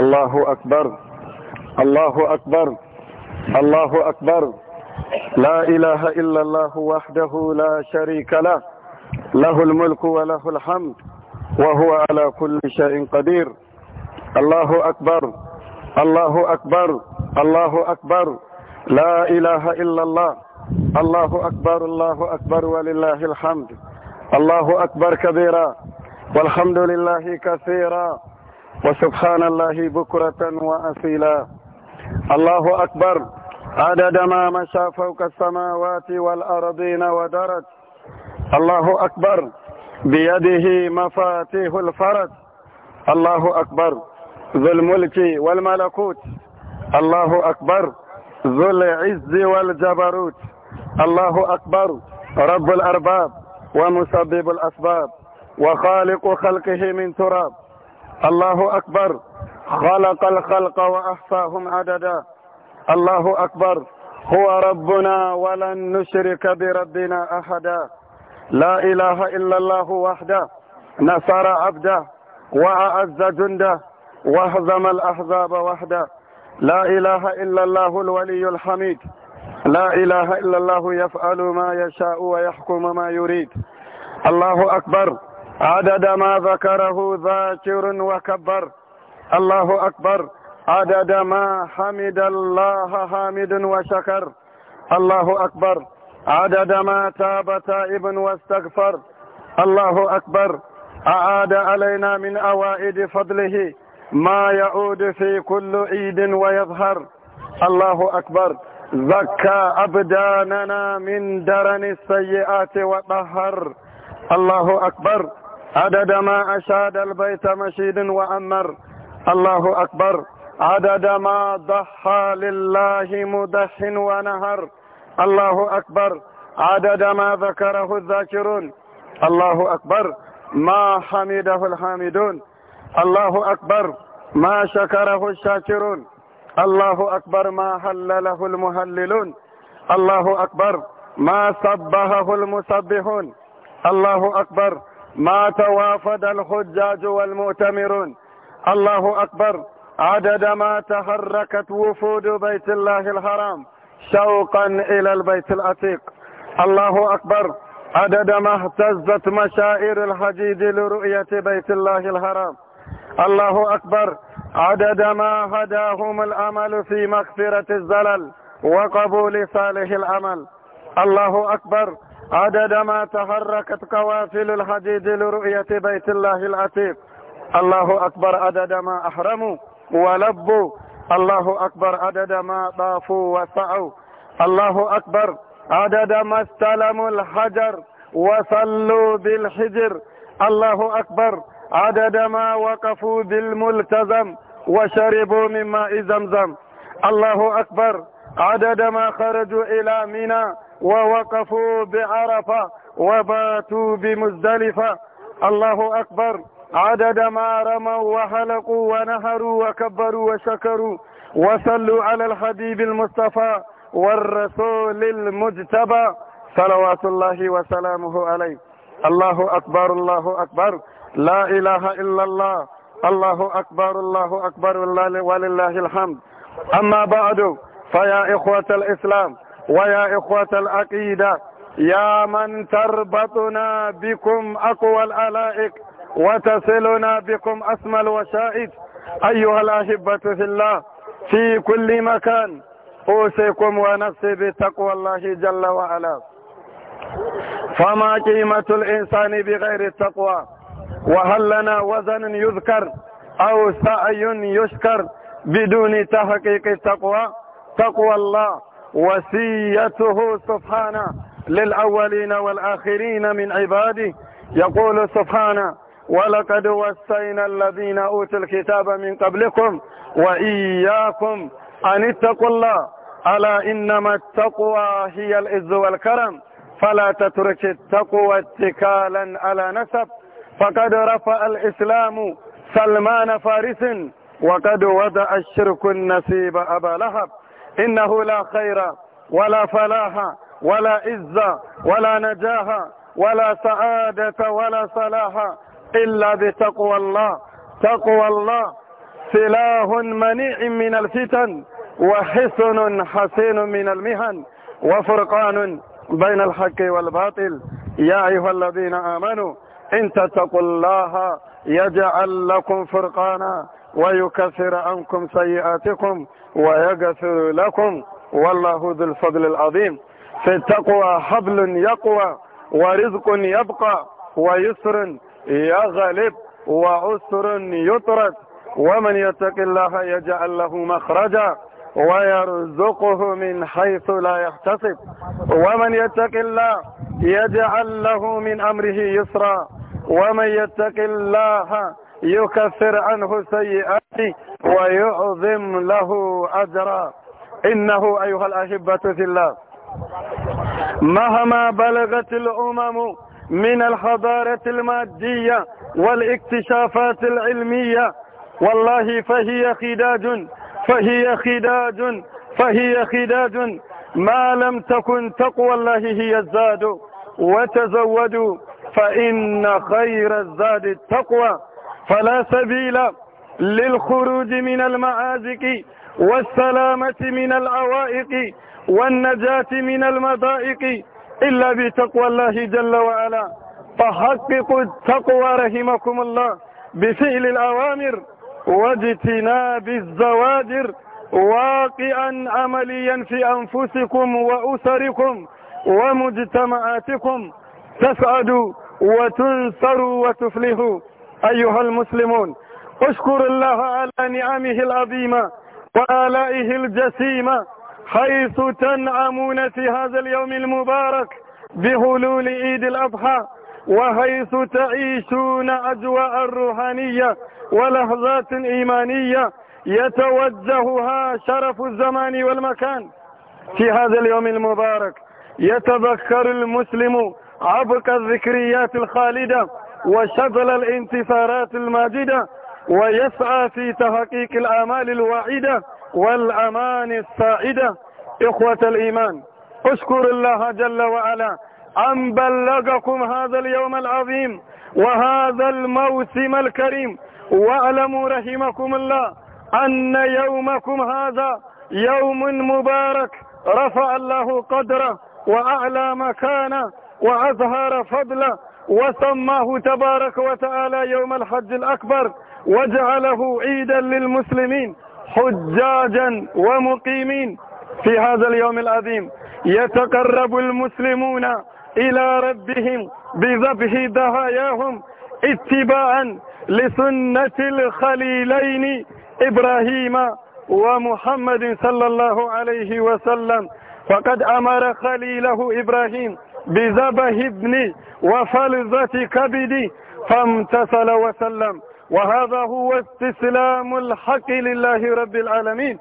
الله أكبر الله أكبر الله أكبر لا إله إلا الله وحده لا شريك له له الملك وله الحمد وهو على كل شيء قدير الله أكبر الله أكبر الله أكبر لا إله إلا الله الله أكبر الله أكبر ولله الحمد الله أكبر كبيرا والحمد لله كثيرا وسبحان الله بكرة وأصيلا الله أكبر عدد ما مشى فوق السماوات والأرضين ودرج الله أكبر بيده مفاتيح الفرج الله أكبر ذو الملك والملكوت الله أكبر ذو العز والجبروت الله أكبر رب الأرباب ومسبب الأسباب وخالق خلقه من تراب الله أكبر خلق الخلق وأحصاهم عددا الله أكبر هو ربنا ولن نشرك بربنا أحدا لا إله إلا الله وحده نصر عبده وأعز جنده وهزم الأحزاب وحده لا إله إلا الله الولي الحميد لا إله إلا الله يفعل ما يشاء ويحكم ما يريد الله أكبر عدد ما ذكره ذاكر وكبر الله أكبر عدد ما حمد الله حامد وشكر الله أكبر عدد ما تاب تائب واستغفر الله أكبر أعاد علينا من أوائد فضله ما يعود في كل عيد ويظهر الله أكبر زكى أبداننا من درن السيئات وطهر الله أكبر عدد ما أشاد البيت مشيد وأمر الله أكبر عدد ما ضحى لله مدح ونهر الله أكبر عدد ما ذكره الذاكرون الله أكبر ما حمده الحامدون الله أكبر ما شكره الشاكرون الله أكبر ما هلله المهللون الله أكبر ما سبهه المسبحون الله أكبر ما توافد الحجاج والمؤتمرون الله أكبر عدد ما تحركت وفود بيت الله الحرام شوقا إلى البيت العتيق الله أكبر عدد ما اهتزت مشاعر الحديد لرؤية بيت الله الحرام الله أكبر عدد ما هداهم الأمل في مغفرة الزلل وقبول صالح العمل الله أكبر عدد ما تحركت قوافل الحديد لرؤية بيت الله العتيق الله أكبر عدد ما أحرموا ولبوا الله أكبر عدد ما طافوا وسعوا الله أكبر عدد ما استلموا الحجر وصلوا بالحجر الله أكبر عدد ما وقفوا بالملتزم وشربوا من ماء زمزم الله أكبر عدد ما خرجوا إلى منى ووقفوا بعرفة وباتوا بمزدلفة الله أكبر عدد ما رموا وحلقوا ونهروا وكبروا وشكروا وصلوا على الحبيب المصطفى والرسول المجتبى صلوات الله وسلامه عليه الله أكبر الله أكبر لا إله إلا الله الله أكبر الله أكبر ولله الحمد أما بعد فيا إخوة الإسلام ويا إخوة العقيدة يا من تربطنا بكم أقوى الألائك وتصلنا بكم أسمى الوشائد أيها الأحبة في الله في كل مكان أوصيكم ونفسي بتقوى الله جل وعلا فما قيمة الإنسان بغير التقوى وهل لنا وزن يذكر أو سعي يشكر بدون تحقيق التقوى تقوى الله وسيته سبحانه للأولين والآخرين من عباده يقول سبحانه ولقد وسينا الذين أوتوا الكتاب من قبلكم وإياكم أن اتقوا الله ألا إنما التقوى هي الإز والكرم فلا تترك التقوى اتكالا على نسب فقد رفع الإسلام سلمان فارس وقد وضع الشرك النسيب أبا لهب إنه لا خير ولا فلاح ولا عز ولا نجاح ولا سعادة ولا صلاح إلا بتقوى الله تقوى الله سلاح منيع من الفتن وحسن حسين من المهن وفرقان بين الحق والباطل يا أيها الذين آمنوا إن تتقوا الله يجعل لكم فرقانا ويكفر عنكم سيئاتكم ويغفر لكم والله ذو الفضل العظيم في التقوى حبل يقوى ورزق يبقى ويسر يغلب وعسر يطرد ومن يتق الله يجعل له مخرجا ويرزقه من حيث لا يحتسب ومن يتق الله يجعل له من أمره يسرا ومن يتق الله يكفر عنه سيئاته ويعظم له أجرا إنه أيها الأحبة في الله مهما بلغت الأمم من الحضارة المادية والاكتشافات العلمية والله فهي خداج فهي خداج فهي خداج ما لم تكن تقوى الله هي الزاد وتزودوا فإن خير الزاد التقوى فلا سبيل للخروج من المعازق والسلامة من العوائق والنجاة من المضائق إلا بتقوى الله جل وعلا فحققوا التقوى رحمكم الله بفعل الأوامر واجتناب الزواجر واقعا عمليا في أنفسكم وأسركم ومجتمعاتكم تسعدوا وتنصروا وتفلحوا أيها المسلمون اشكر الله على نعمه العظيمة وآلائه الجسيمة حيث تنعمون في هذا اليوم المبارك بهلول عيد الأضحى وحيث تعيشون أجواء روحانية ولحظات إيمانية يتوجهها شرف الزمان والمكان في هذا اليوم المبارك يتذكر المسلم عبق الذكريات الخالدة وشغل الانتصارات الماجدة ويسعى في تحقيق الآمال الواعدة والأمان السائدة إخوة الإيمان اشكر الله جل وعلا أن بلغكم هذا اليوم العظيم وهذا الموسم الكريم واعلموا رحمكم الله أن يومكم هذا يوم مبارك رفع الله قدره وأعلى مكانه وأظهر فضله وسماه تبارك وتعالى يوم الحج الأكبر وجعله عيدا للمسلمين حجاجا ومقيمين في هذا اليوم العظيم يتقرب المسلمون إلى ربهم بذبح ضحاياهم اتباعا لسنة الخليلين إبراهيم ومحمد صلى الله عليه وسلم فقد أمر خليله إبراهيم بذبه ابني وفلظة كبدي فامتثل وسلم وهذا هو استسلام الحق لله رب العالمين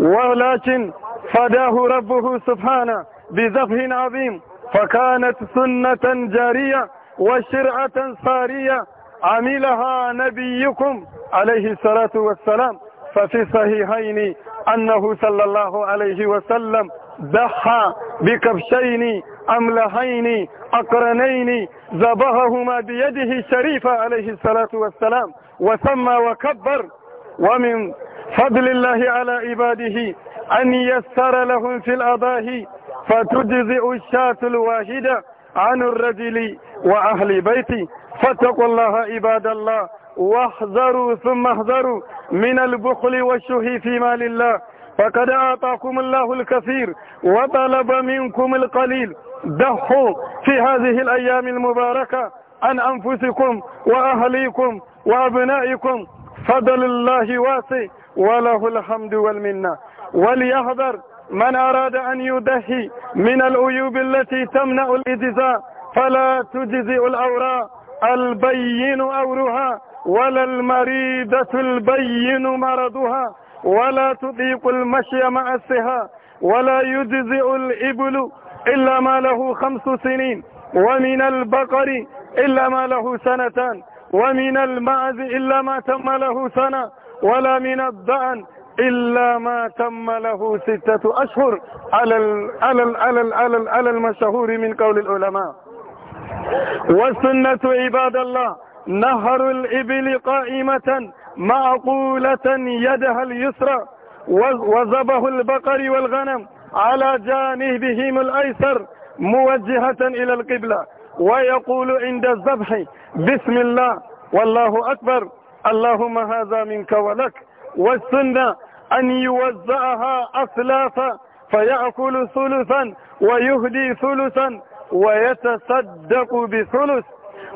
ولكن فداه ربه سبحانه بذبه عظيم فكانت سنة جارية وشرعة صارية عملها نبيكم عليه الصلاة والسلام ففي صحيحين أنه صلى الله عليه وسلم ضحى بكبشين أملهين أقرنين ذبحهما بيده الشريفة عليه الصلاة والسلام وسمى وكبر ومن فضل الله على عباده أن يسر لهم في الأضاهي فتجزئ الشاة الواحدة عن الرجل وأهل بيتي فاتقوا الله عباد الله واحذروا ثم احذروا من البخل والشهي في مال الله فقد أعطاكم الله الكثير وطلب منكم القليل ضحوا في هذه الأيام المباركة عن أنفسكم وأهليكم وأبنائكم فضل الله واسع وله الحمد والمنة وليحذر من أراد أن يدهي من العيوب التي تمنع الإجزاء فلا تجزئ الأوراء البين أورها ولا المريدة البين مرضها ولا تضيق المشي مع السها ولا يجزئ الإبل إلا ما له خمس سنين ومن البقر إلا ما له سنتان ومن المعز إلا ما تم له سنة ولا من الضأن إلا ما تم له ستة أشهر على ال على ال على ال على, على المشهور من قول العلماء والسنة عباد الله نهر الإبل قائمة معقولة يدها اليسرى وزبه البقر والغنم على جانبهم الأيسر موجهة إلى القبلة ويقول عند الذبح بسم الله والله أكبر اللهم هذا منك ولك والسنة أن يوزعها أثلاثا فيأكل ثلثا ويهدي ثلثا ويتصدق بثلث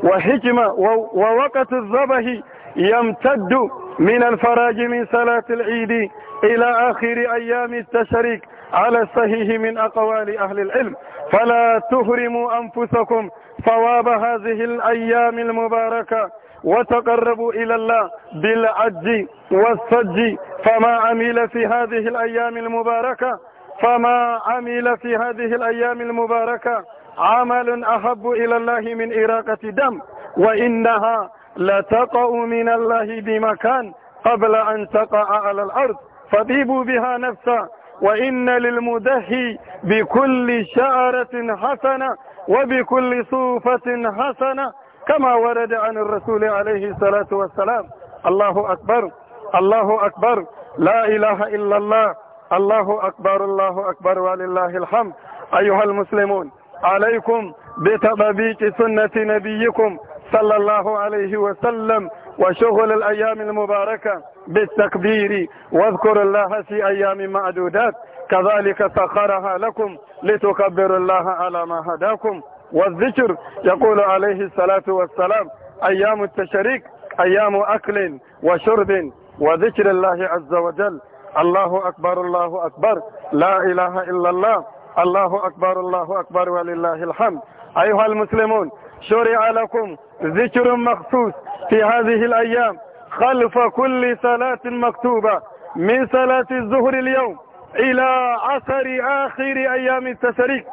وحكمة ووقت الذبح يمتد من الفراج من صلاة العيد إلى آخر أيام التشريك على الصحيح من أقوال أهل العلم فلا تهرموا أنفسكم صواب هذه الأيام المباركة وتقربوا إلى الله بالعج والصج فما عمل في هذه الأيام المباركة فما عمل في هذه الأيام المباركة عمل أحب إلى الله من إراقة دم وإنها لتقع من الله بمكان قبل أن تقع على الأرض فطيبوا بها نفسا وإن للمدهي بكل شعرة حسنة وبكل صوفة حسنة كما ورد عن الرسول عليه الصلاة والسلام الله أكبر الله أكبر لا إله إلا الله الله أكبر الله أكبر ولله الحمد أيها المسلمون عليكم بتطبيق سنة نبيكم صلى الله عليه وسلم وشغل الأيام المباركة بالتكبير واذكر الله في أيام معدودات كذلك سخرها لكم لتكبروا الله على ما هداكم والذكر يقول عليه الصلاة والسلام أيام التشريك أيام أكل وشرب وذكر الله عز وجل الله أكبر الله أكبر لا إله إلا الله الله أكبر الله أكبر ولله الحمد أيها المسلمون شرع لكم ذكر مخصوص في هذه الأيام خلف كل صلاة مكتوبة من صلاة الظهر اليوم إلى عصر آخر أيام التشريك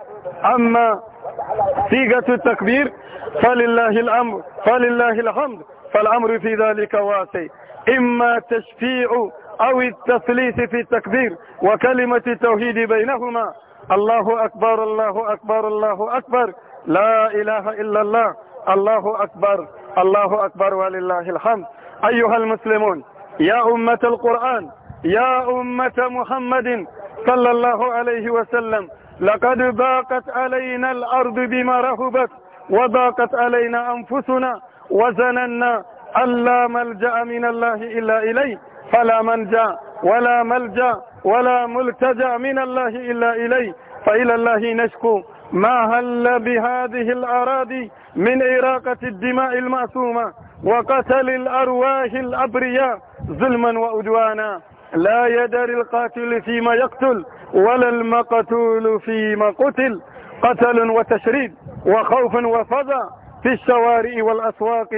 أما صيغة التكبير فلله الأمر فلله الحمد فالأمر في ذلك واسع إما تشفيع أو التثليث في التكبير وكلمة التوحيد بينهما الله أكبر الله أكبر الله أكبر لا إله إلا الله الله أكبر الله أكبر ولله الحمد أيها المسلمون يا أمة القرآن يا أمة محمد صلى الله عليه وسلم لقد باقت علينا الأرض بما رهبت وضاقت علينا أنفسنا وزننا ألا ملجأ من الله إلا إليه فلا منجا ولا ملجأ ولا ملتجأ من الله إلا إليه فإلى الله نشكو ما هل بهذه الأراضي من إراقة الدماء المعصومة وقتل الأرواح الأبرياء ظلما وأدوانا لا يدر القاتل فيما يقتل ولا المقتول فيما قتل قتل وتشريد وخوف وفضى في الشوارع والأسواق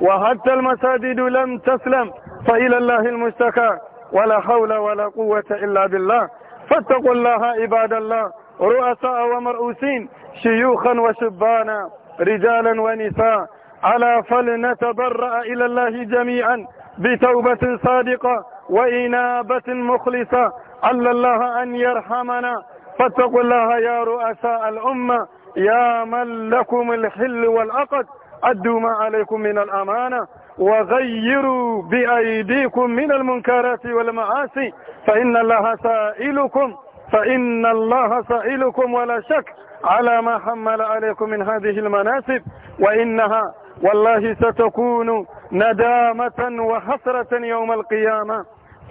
وحتى المساجد لم تسلم فإلى الله المشتكى ولا حول ولا قوة إلا بالله فاتقوا الله عباد الله رؤساء ومرؤوسين شيوخا وشبانا رجالا ونساء على فلنتبرأ إلى الله جميعا بتوبة صادقة وإنابة مخلصة عل الله أن يرحمنا فاتقوا الله يا رؤساء الأمة يا من لكم الحل والعقد أدوا ما عليكم من الأمانة وغيروا بأيديكم من المنكرات والمعاصي فإن الله سائلكم فإن الله سائلكم ولا شك على ما حمل عليكم من هذه المناسب وإنها والله ستكون ندامة وحسرة يوم القيامة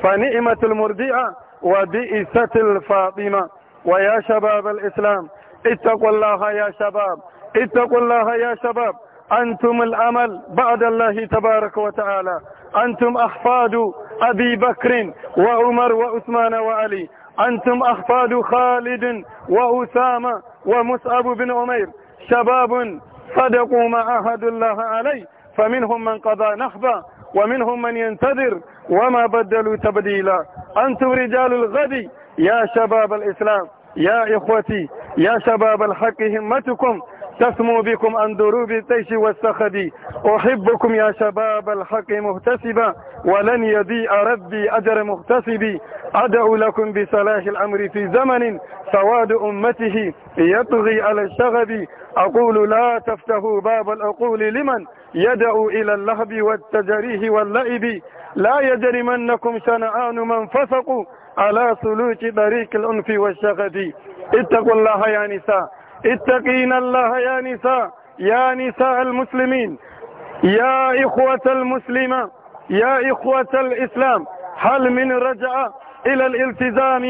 فنئمة المردعة وبئسة الفاطمة ويا شباب الإسلام اتقوا الله يا شباب اتقوا الله يا شباب أنتم الأمل بعد الله تبارك وتعالى أنتم أحفاد أبي بكر وعمر وعثمان وعلي أنتم أخفاد خالد وأسامة ومصعب بن عمير شباب صدقوا ما عاهدوا الله عليه فمنهم من قضى نحبا ومنهم من ينتظر وما بدلوا تبديلا أنتم رجال الغد يا شباب الإسلام يا إخوتي يا شباب الحق همتكم تسمو بكم عن دروب التيش والسخب أحبكم يا شباب الحق مهتسبا ولن يضيء ربي أجر مغتسبي أدعو لكم بصلاح الأمر في زمن سواد أمته يطغي على الشغب أقول لا تفتحوا باب العقول لمن يدعو إلى اللهب والتجريه واللئب لا يجرمنكم شنآن من فسقوا على سلوك طريق الأنف والشغب اتقوا الله يا نساء اتقين الله يا نساء يا نساء المسلمين يا إخوة المسلمة يا إخوة الإسلام هل من رجعة إلى الالتزام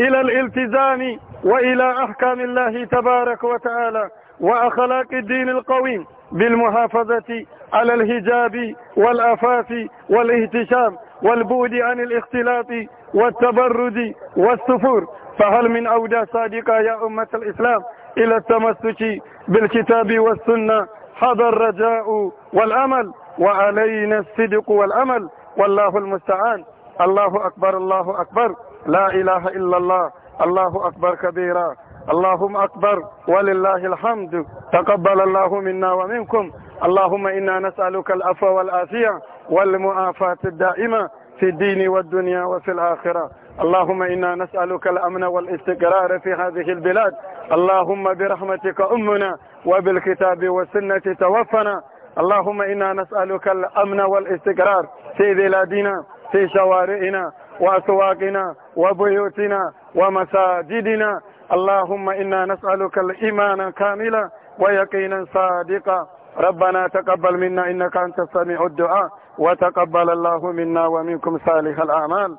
إلى الالتزام وإلى أحكام الله تبارك وتعالى وأخلاق الدين القويم بالمحافظة على الهجاب والأفاف والاهتشام والبعد عن الاختلاط والتبرد والسفور فهل من أودى صادقة يا أمة الإسلام إلى التمسك بالكتاب والسنة هذا الرجاء والأمل وعلينا الصدق والأمل والله المستعان الله أكبر الله أكبر لا إله إلا الله الله أكبر كبيرا اللهم أكبر ولله الحمد تقبل الله منا ومنكم اللهم إنا نسألك العفو والعافية والمعافاة الدائمة في الدين والدنيا وفي الآخرة اللهم إنا نسألك الأمن والاستقرار في هذه البلاد اللهم برحمتك أمنا وبالكتاب والسنة توفنا اللهم إنا نسألك الأمن والاستقرار في بلادنا في شوارعنا وأسواقنا وبيوتنا ومساجدنا اللهم إنا نسألك الإيمان كاملا ويقينا صادقا ربنا تقبل منا إنك أنت السميع الدعاء وتقبل الله منا ومنكم صالح الأعمال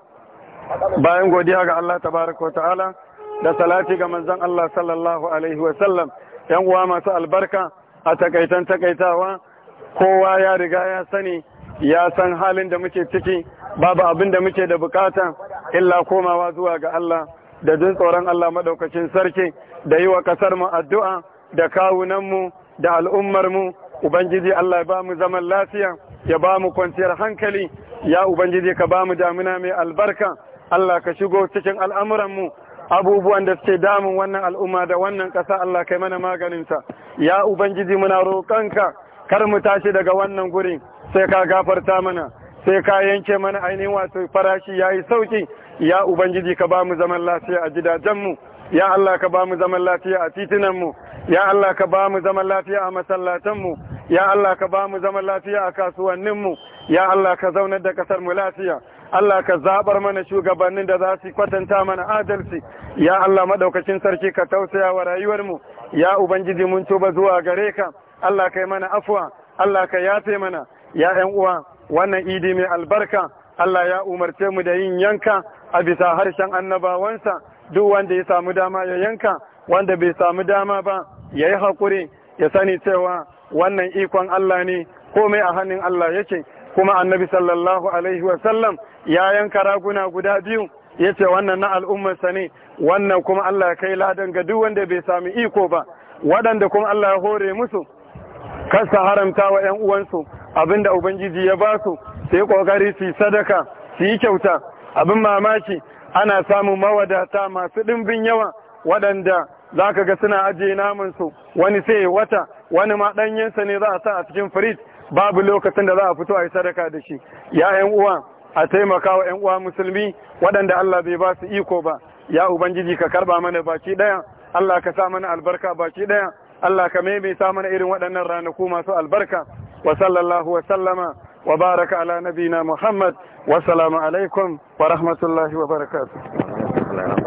bayan godiya ga Allah tabaraka ta'ala da salati ga manzon Allah sallallahu alaihi wa yan uwa masu albarka a takaitan takaitawa kowa ya riga ya sani ya san halin da muke ciki babu abin da muke da bukata illa komawa zuwa ga Allah da jin tsoron Allah madaukakin sarki da yi wa kasar mu addu'a da kawunan mu da al'ummar mu ubangiji Allah ya ba mu zaman lafiya ya ba mu kwanciyar hankali ya ubangiji ka ba mu damina mai albarka Allah ka shigo cikin al'amuranmu abubuwan da suke damun wannan al'umma da wannan ƙasa Allah kai mana maganinsa ya ubangiji muna roƙonka kar mu tashi daga wannan gurin sai ka gafarta mana sai ka yanke mana ainihin wato farashi yayi sauki ya ubangiji ka ba mu zaman lafiya a gidajenmu ya Allah ka ba mu zaman lafiya a titinanmu ya Allah ka ba mu zaman lafiya a masallatanmu ya Allah ka ba mu zaman lafiya a kasuwanninmu ya Allah ka zaunar da kasar lafiya Allah ka zaɓar mana shugabannin da za su kwatanta mana adalci ya Allah maɗaukacin sarki ka tausaya wa rayuwarmu ya ubangiji mun tuba zuwa gare ka Allah kai mana afuwa. Allah ka yafe mana ya ƴan uwa wannan idi mai albarka Allah ya umarce mu da yin yanka a bisa harshen annabawansa duk wanda ya samu dama ya yanka wanda bai samu dama ba ya yi haƙuri ya sani cewa wannan ikon Allah ne komai a hannun Allah yake kuma annabi sallallahu alaihi wasallam ya yanka raguna guda biyu ya ce wannan na al'ummarsa ne wannan kuma Allah ya kai ladan ga duk wanda bai sami iko ba waɗanda kuma Allah ya hore musu kasa haramta wa ‘yan uwansu abinda Ubangiji ya ba su su yi ƙoƙari su sadaka su yi kyauta abin mamaki ana samun mawadata masu ɗimbin yawa waɗanda za ka ga suna ajiye namansu wani sai wata wani ma ɗanyensa ne za a sa a cikin firij babu lokacin da za a fito a yi sadaka da shi ya ƴan uwa a taimaka wa ƴan uwa musulmi waɗanda Allah bai ba su iko ba ya ubangiji ka karba mana baki ɗaya Allah ka sa mana albarka baki ɗaya Allah ka sa mana irin waɗannan ranaku masu albarka wa sallallahu wa sallama wa baraka ala nabina Muhammad wa salamu alaikum wa rahmatullahi wa barakatuh